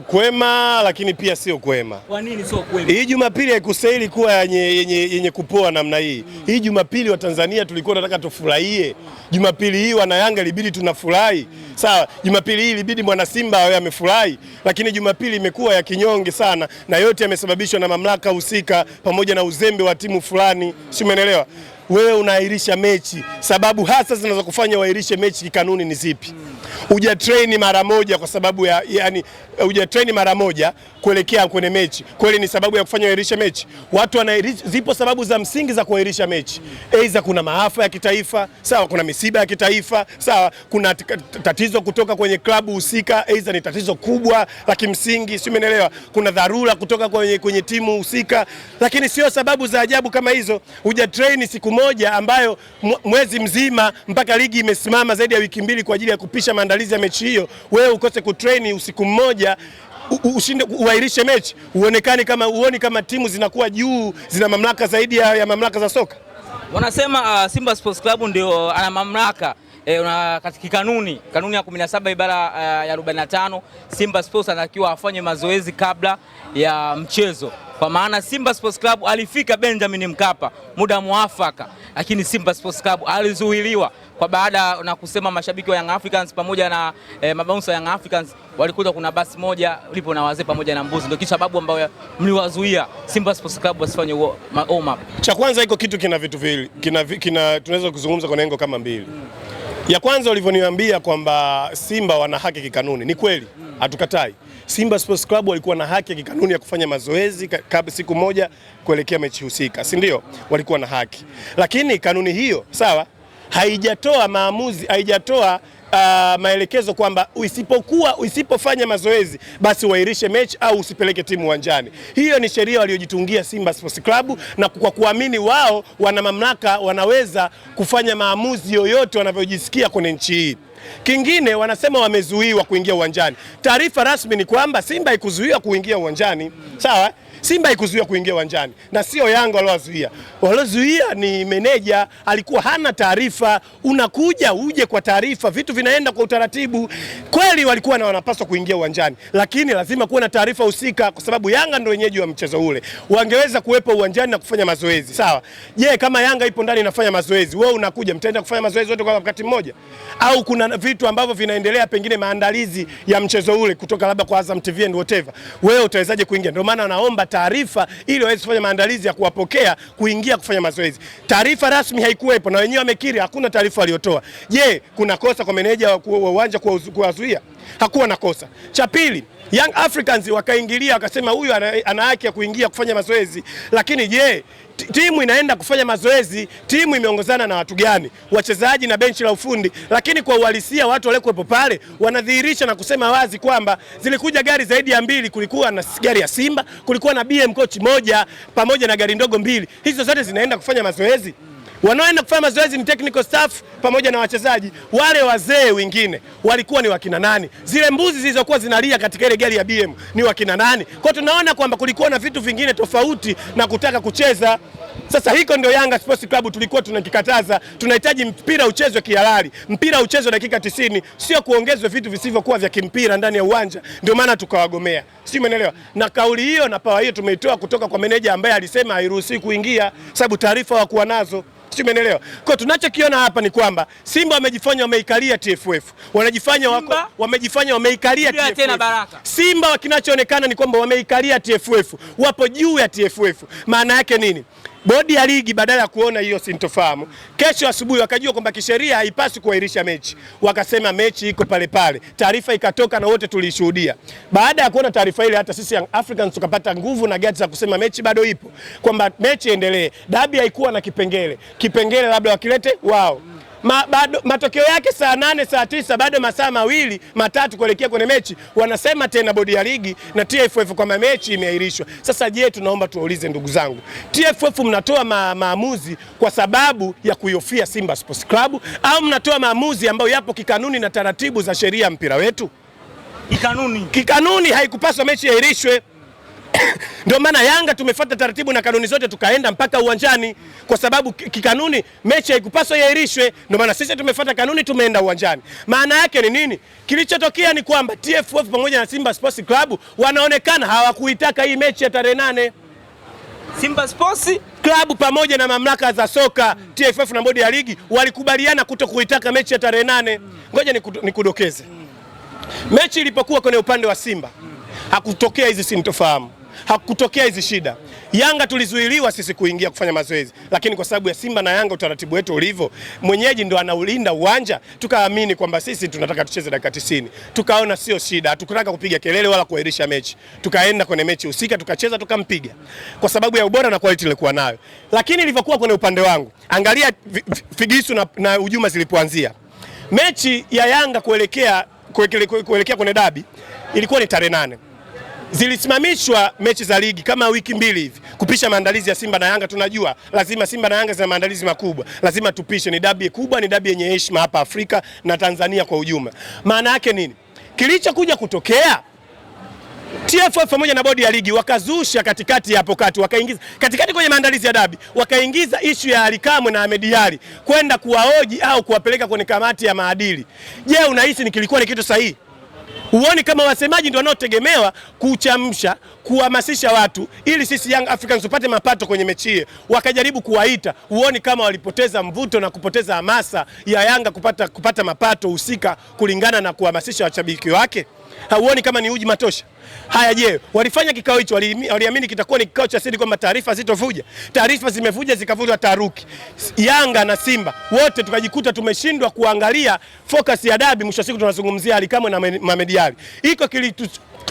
kwema lakini pia sio kwema. Kwa nini sio kwema? Hii Jumapili haikustahili kuwa yenye kupoa namna hii mm. Hii Jumapili wa Tanzania tulikuwa tunataka tufurahie mm. Jumapili hii wana Yanga ilibidi tunafurahi mm. Sawa, Jumapili hii ilibidi mwana Simba awe amefurahi mm. Lakini Jumapili imekuwa ya kinyonge sana, na yote yamesababishwa na mamlaka husika pamoja na uzembe wa timu fulani, si umeelewa? mm wewe unaahirisha mechi. Sababu hasa zinaweza kufanya uahirishe mechi kikanuni ni zipi? Uja train mara moja kwa sababu ya yani, uja train mara moja kuelekea kwenye mechi, kweli ni sababu ya kufanya uahirishe mechi? Watu wanaahirisha, zipo sababu za msingi za kuahirisha mechi. Aidha, kuna maafa ya kitaifa, sawa, kuna misiba ya kitaifa, sawa, kuna tatizo kutoka kwenye klabu husika, aidha ni tatizo kubwa la kimsingi, si umeelewa? Kuna dharura kutoka kwenye, kwenye timu husika, lakini sio sababu za ajabu kama hizo. Uja train siku moja ambayo mwezi mzima mpaka ligi imesimama zaidi ya wiki mbili kwa ajili ya kupisha maandalizi ya mechi hiyo, wewe ukose kutreni usiku mmoja ushinde uairishe mechi, uonekane kama uoni kama timu zinakuwa juu, zina mamlaka zaidi ya, ya mamlaka za soka. Wanasema uh, Simba Sports Club ndio ah, ana mamlaka E, una katika kanuni kanuni ya 17 ibara uh, ya 45 Simba Sports anatakiwa afanye mazoezi kabla ya mchezo, kwa maana Simba Sports Club alifika Benjamin Mkapa muda mwafaka lakini Simba Sports Club alizuiliwa kwa baada na kusema mashabiki wa Young Africans pamoja na eh, wa Young Africans walikuta kuna basi moja lipo na wazee pamoja na mbuzi, ndio kitu sababu ambayo mliwazuia Simba Sports Club wasifanye warm up. Cha kwanza iko kitu kina vitu viwili kina, kina tunaweza kuzungumza kwa lengo kama mbili mm. Ya kwanza ulivyoniambia kwamba Simba wana haki kikanuni, ni kweli, hatukatai mm. Simba Sports Club walikuwa na haki ya kikanuni ya kufanya mazoezi kabla siku moja kuelekea mechi husika, si ndio? Walikuwa na haki, lakini kanuni hiyo sawa, haijatoa maamuzi, haijatoa uh, maelekezo kwamba usipokuwa usipofanya mazoezi basi uahirishe mechi au usipeleke timu uwanjani. Hiyo ni sheria waliojitungia Simba Sports Club, na kwa kuamini wao wana mamlaka, wanaweza kufanya maamuzi yoyote wanavyojisikia kwenye nchi hii. Kingine wanasema wamezuiwa kuingia uwanjani. Taarifa rasmi ni kwamba Simba haikuzuiwa kuingia uwanjani, sawa Simba haikuzuia kuingia uwanjani na sio Yanga waliowazuia. Waliozuia ni meneja, alikuwa hana taarifa. Unakuja uje kwa taarifa, vitu vinaenda kwa utaratibu. Kweli walikuwa na wanapaswa kuingia uwanjani, lakini lazima kuwe na taarifa husika, kwa sababu Yanga ndio wenyeji wa mchezo ule. Wangeweza kuwepo uwanjani na kufanya mazoezi, sawa. Je, kama Yanga ipo ndani inafanya mazoezi, wewe unakuja, mtaenda kufanya mazoezi wote kwa wakati mmoja, au kuna vitu ambavyo vinaendelea, pengine maandalizi ya mchezo ule kutoka labda kwa Azam TV and whatever, wewe utawezaje kuingia? Ndio maana naomba taarifa ili waweze kufanya maandalizi ya kuwapokea kuingia kufanya mazoezi. Taarifa rasmi haikuwepo na wenyewe wamekiri hakuna taarifa waliotoa. Je, kuna kosa kwa meneja wa uwanja kuwazuia? Hakuwa na kosa. Cha pili, Young Africans wakaingilia wakasema huyu ana haki ya kuingia kufanya mazoezi, lakini je timu inaenda kufanya mazoezi, timu imeongozana na watu gani, wachezaji na benchi la ufundi. Lakini kwa uhalisia watu waliokuwepo pale wanadhihirisha na kusema wazi kwamba zilikuja gari zaidi ya mbili. Kulikuwa na gari ya Simba, kulikuwa na BM coach moja pamoja na gari ndogo mbili. Hizo zote zinaenda kufanya mazoezi wanaoenda kufanya mazoezi ni technical staff pamoja na wachezaji. Wale wazee wengine walikuwa ni wakina nani? Zile mbuzi zilizokuwa zinalia katika ile gari ya BM ni wakina nani? Kwa tunaona kwamba kulikuwa na vitu vingine tofauti na kutaka kucheza. Sasa hiko ndio Yanga Sports Club tulikuwa tunakikataza. Tunahitaji mpira uchezwe kihalali, mpira uchezwe dakika 90, sio kuongezwe vitu visivyokuwa vya kimpira ndani ya uwanja. Ndio maana tukawagomea, si umeelewa? Na kauli hiyo na pawa hiyo tumeitoa kutoka kwa meneja ambaye alisema hairuhusi kuingia, sababu taarifa wakuwa nazo. Umeelewa? Kwa tunachokiona hapa ni kwamba Simba wamejifanya wameikalia TFF. Wanajifanya wako wamejifanya wameikalia TFF. Tena Baraka. Simba kinachoonekana ni kwamba wameikalia TFF. Wapo juu ya TFF. Maana yake nini? Bodi ya ligi badala ya kuona hiyo sintofahamu, kesho asubuhi wakajua kwamba kisheria haipaswi kuahirisha mechi, wakasema mechi iko pale pale. Taarifa ikatoka na wote tulishuhudia. Baada ya kuona taarifa ile, hata sisi Africans tukapata nguvu na gati za kusema mechi bado ipo, kwamba mechi endelee. Dabi haikuwa na kipengele, kipengele labda wakilete wao ma, bado, matokeo yake saa nane saa tisa bado masaa mawili matatu kuelekea kwenye mechi, wanasema tena bodi ya ligi na TFF kwamba mechi imeahirishwa. Sasa je, tunaomba tuwaulize ndugu zangu, TFF mnatoa ma, maamuzi kwa sababu ya kuiofia Simba Sports Club au mnatoa maamuzi ambayo yapo kikanuni na taratibu za sheria ya mpira wetu? Kikanuni, kikanuni haikupaswa mechi iahirishwe. Ndio maana Yanga tumefuata taratibu na kanuni zote tukaenda mpaka uwanjani, kwa sababu kikanuni mechi haikupaswa iahirishwe. Ndio maana sisi tumefuata kanuni, tumeenda uwanjani. Maana yake ni nini? Kilichotokea ni kwamba TFF pamoja na Simba Sports Club wanaonekana hawakuitaka hii mechi ya tarehe nane. Simba Sports Club pamoja na mamlaka za soka TFF na bodi ya ligi walikubaliana kuto kuitaka mechi ya tarehe nane. Ngoja nikudokeze, mechi ilipokuwa kwenye upande wa Simba hakutokea hizi sintofahamu hakutokea hizi shida. Yanga tulizuiliwa sisi kuingia kufanya mazoezi, lakini kwa sababu ya Simba na Yanga utaratibu wetu ulivyo, mwenyeji ndo anaulinda uwanja, tukaamini kwamba sisi tunataka tucheze dakika 90. Tukaona sio shida, hatukutaka kupiga kelele wala kuahirisha mechi. Tukaenda kwenye mechi husika tukacheza, tukampiga kwa sababu ya ubora na quality ilikuwa nayo. Lakini ilivyokuwa kwenye upande wangu, angalia figisu na, na hujuma zilipoanzia mechi ya Yanga kuelekea kuelekea kwenye dabi ilikuwa ni tarehe nane zilisimamishwa mechi za ligi kama wiki mbili hivi kupisha maandalizi ya Simba na Yanga. Tunajua lazima Simba na Yanga zina maandalizi makubwa, lazima tupishe. Ni dabi kubwa, ni dabi yenye heshima hapa Afrika na Tanzania kwa ujumla. Maana yake nini? Kilichokuja kutokea TFF pamoja na bodi ya ligi wakazusha katikati hapo kati, wakaingiza katikati kwenye maandalizi ya dabi, wakaingiza ishu ya Alikamwe na Ahmed Ally kwenda kuwaoji au kuwapeleka kwenye kamati ya maadili. Je, unahisi ni kilikuwa ni kitu sahihi? Huoni kama wasemaji ndio wanaotegemewa kuchamsha, kuhamasisha watu ili sisi Young Africans tupate mapato kwenye mechi hii? Wakajaribu kuwaita, huoni kama walipoteza mvuto na kupoteza hamasa ya Yanga kupata, kupata mapato husika kulingana na kuhamasisha washabiki wake? hauoni kama ni uji matosha? Haya, je, walifanya kikao hicho, waliamini kitakuwa ni kikao cha siri kwamba taarifa zitovuja? Taarifa zimevuja zikavuja taharuki. Yanga na Simba wote tukajikuta tumeshindwa kuangalia focus ya dabi. Mwisho siku tunazungumzia Ally Kamwe na Mohamed Ally, iko kilitu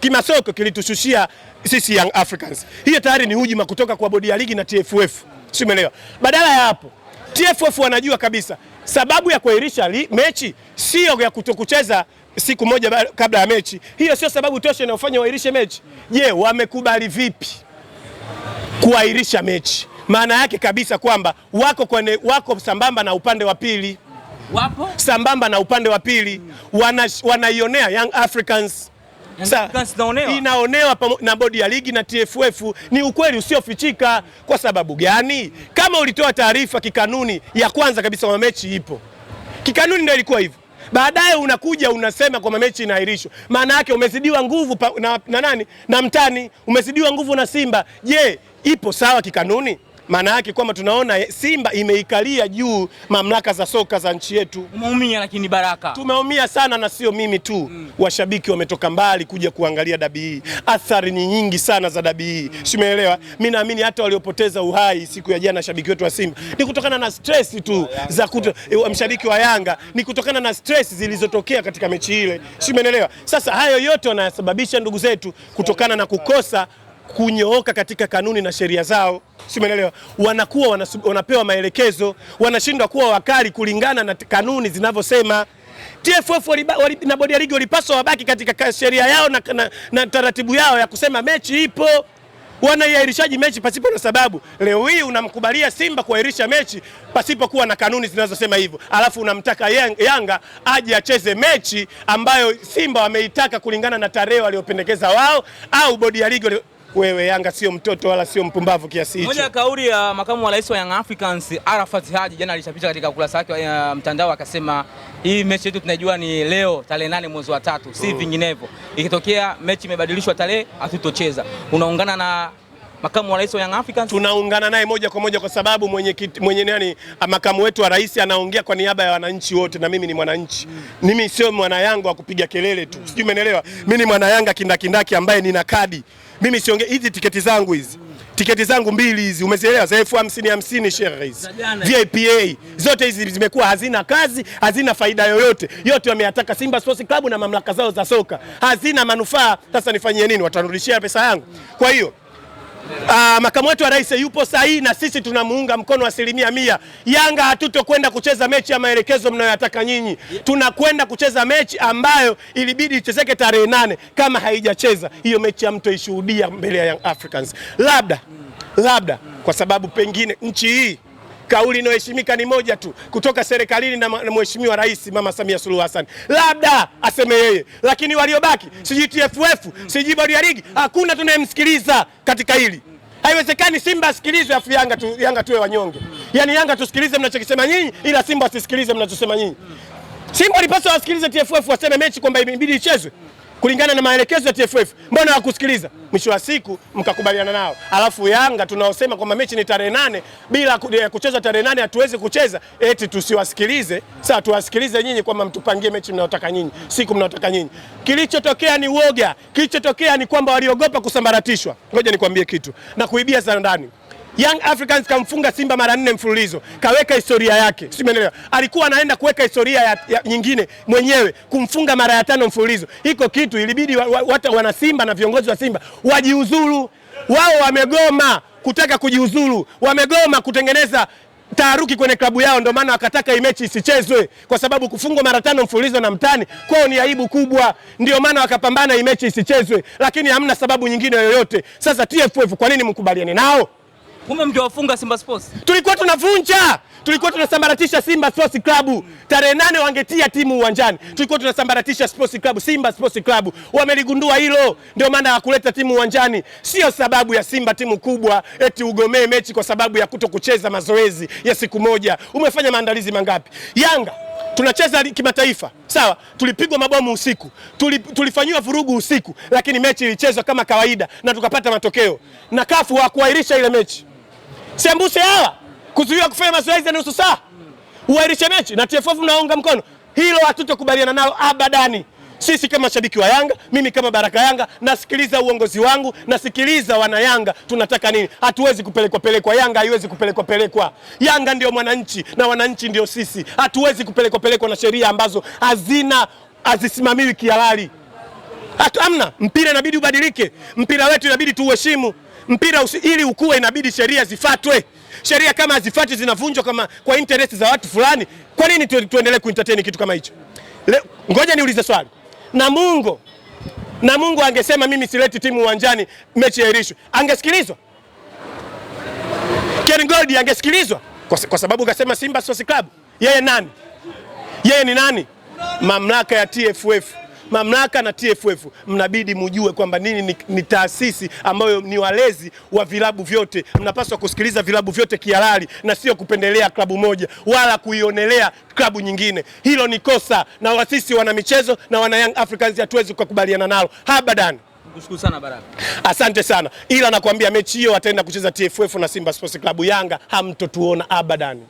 kimasoko kilitushushia sisi Young Africans. Hiyo tayari ni hujuma kutoka kwa bodi ya ligi na TFF, si umeelewa? Badala ya hapo, TFF wanajua kabisa sababu ya kuahirisha mechi sio ya kutokucheza siku moja kabla ya mechi. Hiyo sio sababu tosha inayofanya wairishe mechi. Je, wamekubali vipi kuairisha mechi? Maana yake kabisa kwamba wako kwenye, wako sambamba na upande wa pili, wapo sambamba na upande wa pili, wanaionea wana Young Africans Sa, inaonewa na bodi ya ligi na TFF. Ni ukweli usiofichika. Kwa sababu gani? Kama ulitoa taarifa kikanuni, ya kwanza kabisa kwa mechi ipo kikanuni, ndio ilikuwa hivyo baadaye unakuja unasema kwamba mechi inaahirishwa. Maana yake umezidiwa nguvu pa, na, na nani na mtani umezidiwa nguvu na Simba. Je, ipo sawa kikanuni? maana yake kwamba tunaona Simba imeikalia juu mamlaka za soka za nchi yetu. Umeumia lakini Baraka, tumeumia sana na sio mimi tu mm. Washabiki wametoka mbali kuja kuangalia dabi hii mm. Athari ni nyingi sana za dabi hii mm. Simeelewa mm. naamini hata waliopoteza uhai siku ya jana shabiki wetu wa Simba mm. ni kutokana na stress tu za kuto, e, mshabiki wa Yanga ni kutokana na stress zilizotokea katika mechi ile, simeelewa. Sasa hayo yote wanayasababisha ndugu zetu kutokana na kukosa kunyooka katika kanuni na sheria zao, si umeelewa? Wanakuwa wanapewa maelekezo, wanashindwa kuwa wakali kulingana na kanuni zinavyosema. TFF na bodi ya ligi walipaswa wabaki katika sheria yao na, na, na taratibu yao ya kusema mechi ipo. Wanaiahirishaji mechi pasipo na sababu. Leo hii unamkubalia Simba kuahirisha mechi pasipokuwa na kanuni zinazosema hivyo, alafu unamtaka Yanga aje acheze mechi ambayo Simba wameitaka kulingana na tarehe waliopendekeza wao au bodi ya ligi wewe Yanga sio mtoto wala sio mpumbavu kiasi hicho. Moja ya kauli ya makamu wa rais wa Young Africans Arafat Haji jana alichapisha katika ukurasa wake wa eh, mtandao akasema, hii mechi yetu tunajua ni leo tarehe nane mwezi wa tatu, si mm. vinginevyo. Ikitokea mechi imebadilishwa tarehe, hatutocheza. Unaungana na makamu wa rais wa Young Africans. Tunaungana naye moja kwa moja kwa sababu mwenye, kit, mwenye nani, makamu wetu wa rais anaongea kwa niaba ya wananchi wote, na mimi ni mwananchi mm. Mimi sio mwana mwanayanga wa kupiga kelele tu mm. Sijui umeelewa mm. Mimi ni mwana mwanayanga kindakindaki ambaye nina kadi mimi siongee hizi tiketi zangu hizi Tiketi zangu mbili hizi umezielewa, za elfu hamsini hamsini shehe rais VIPA zote hizi zimekuwa hazina kazi, hazina faida yoyote. Yote wameyataka Simba Sports Club na mamlaka zao za soka, hazina manufaa. Sasa nifanyie nini? Watanirudishia pesa yangu? Kwa hiyo Uh, makamu wetu wa rais yupo sahihi na sisi tunamuunga mkono asilimia mia. Yanga hatutokwenda kucheza mechi ya maelekezo mnayoyataka nyinyi, tunakwenda kucheza mechi ambayo ilibidi ichezeke tarehe nane. Kama haijacheza hiyo mechi, hamtoishuhudia mbele ya Young Africans, labda labda kwa sababu pengine nchi hii Kauli inayoheshimika ni moja tu kutoka serikalini na mheshimiwa Rais Mama Samia Suluhu Hassan, labda aseme yeye, lakini waliobaki sijui TFF sijui bodi ya ligi, hakuna tunayemsikiliza katika hili. Haiwezekani Simba asikilizwe afu Yanga tu, Yanga tuwe wanyonge. Yaani Yanga tusikilize mnachokisema nyinyi, ila Simba asisikilize mnachosema nyinyi. Simba alipaswa wasikilize TFF waseme mechi kwamba imebidi ichezwe kulingana na maelekezo ya TFF, mbona hawakusikiliza? Mwisho wa siku mkakubaliana nao. Alafu Yanga tunaosema kwamba mechi ni tarehe nane, bila kucheza tarehe nane hatuwezi kucheza, eti tusiwasikilize. Sasa tuwasikilize nyinyi kwamba mtupangie mechi mnayotaka nyinyi, siku mnayotaka nyinyi. Kilichotokea ni uoga, kilichotokea ni kwamba waliogopa kusambaratishwa. Ngoja nikwambie kitu na kuibia za ndani Young Africans kamfunga Simba mara nne mfululizo, kaweka historia yake, simenelewa. Alikuwa anaenda kuweka historia ya, ya nyingine mwenyewe kumfunga mara ya tano mfululizo. Hiko kitu ilibidi wa, wa, wana Simba na viongozi wa Simba wajiuzuru. Wao wamegoma kutaka kujiuzuru, wamegoma kutengeneza taharuki kwenye klabu yao, ndio maana wakataka hii mechi isichezwe, kwa sababu kufungwa mara tano mfululizo na mtani kwao ni aibu kubwa. Ndio maana wakapambana hii mechi isichezwe, lakini hamna sababu nyingine yoyote. Sasa TFF, kwa nini mkubaliane nao? Kumbe mkiwafunga Simba Sports. Tulikuwa tunavunja, tulikuwa tunasambaratisha Simba Sports Club. Tarehe nane wangetia timu uwanjani. Tulikuwa tunasambaratisha Sports Club, Simba Sports Club. Wameligundua hilo, ndio maana hawakuleta timu uwanjani. Sio sababu ya Simba timu kubwa eti ugomee mechi kwa sababu ya kuto kucheza mazoezi ya siku moja. Umefanya maandalizi mangapi? Yanga tunacheza kimataifa sawa, tulipigwa mabomu usiku, tulifanyiwa vurugu usiku, lakini mechi ilichezwa kama kawaida na tukapata matokeo, na kafu hakuahirisha ile mechi. Sembuse hawa kuzuia kufanya mazoezi ya nusu saa, uairishe mechi na TFF mnaunga mkono hilo, hatutokubaliana nalo abadani. Sisi kama shabiki wa Yanga, mimi kama Baraka Yanga, nasikiliza uongozi wangu, nasikiliza wana Yanga, tunataka nini? Hatuwezi kupelekwa pelekwa, Yanga haiwezi kupelekwa pelekwa. Yanga ndio mwananchi na wananchi ndio sisi. Hatuwezi kupelekwa pelekwa na sheria ambazo hazina hazisimamiwi kihalali. Hatu amna mpira, inabidi ubadilike. Mpira wetu inabidi tuuheshimu. Mpira usi, ili ukuwe inabidi sheria zifatwe. Sheria kama hazifuatwi zinavunjwa kama kwa interest za watu fulani. Kwa nini tu, tuendelee kuentertain kitu kama hicho? Ngoja niulize swali. na Mungu angesema mimi sileti timu uwanjani mechi ya irisho. Angesikilizwa? Ken Gold angesikilizwa? Kwa, kwa sababu kasema Simba Sports Club. Yeye nani? Yeye ni nani? Mamlaka ya TFF mamlaka na TFF mnabidi mujue kwamba nini ni, ni taasisi ambayo ni walezi wa vilabu vyote. Mnapaswa kusikiliza vilabu vyote kihalali na sio kupendelea klabu moja wala kuionelea klabu nyingine. Hilo ni kosa, na wasisi wana michezo na wana Young Africans hatuwezi kukubaliana nalo habadan. Kushukuru sana Baraka. Asante sana ila nakwambia mechi hiyo wataenda kucheza TFF na Simba Sports Club. Yanga hamtotuona abadani.